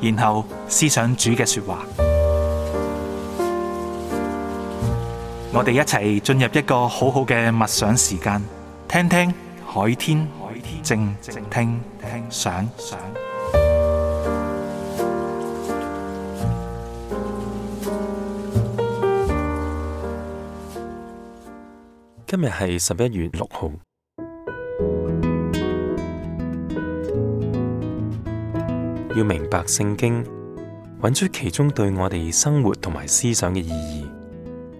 然後思想主嘅說話，我哋一齊進入一個好好嘅默想時間，聽聽海天靜聽想。今日係十一月六號。要明白聖經，搵出其中對我哋生活同埋思想嘅意義，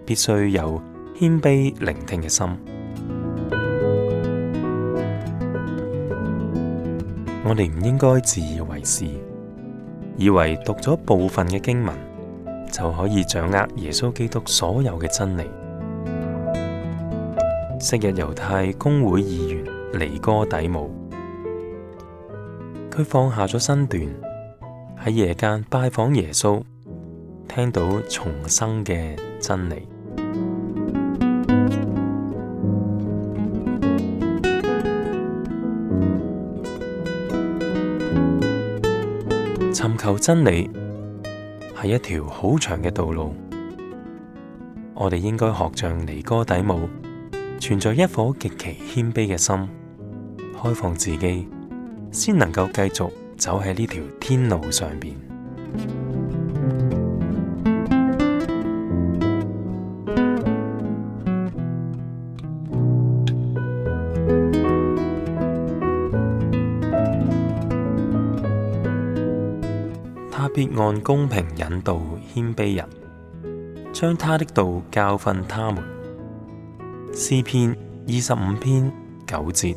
必須有謙卑聆聽嘅心。 我哋唔應該自以為是，以為讀咗部分嘅經文就可以掌握耶穌基督所有嘅真理。 昔日猶太公會議員尼哥底母。佢放下咗身段，喺夜間拜訪耶穌，聽到重生嘅真理。尋求真理係一條好長嘅道路，我哋應該學像尼哥底母，存在一顆極其謙卑嘅心，開放自己。先能夠繼續走喺呢條天路上面，他必按公平引導謙卑人，將他的道教訓他們。詩篇二十五篇九節。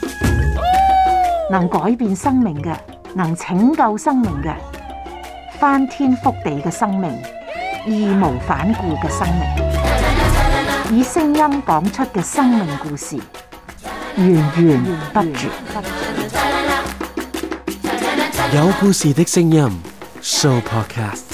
能改變生命嘅，能拯救生命嘅，翻天覆地嘅生命，義無反顧嘅生命，以聲音講出嘅生命故事，源源不絕。有故事的聲音，Sooo Podcast。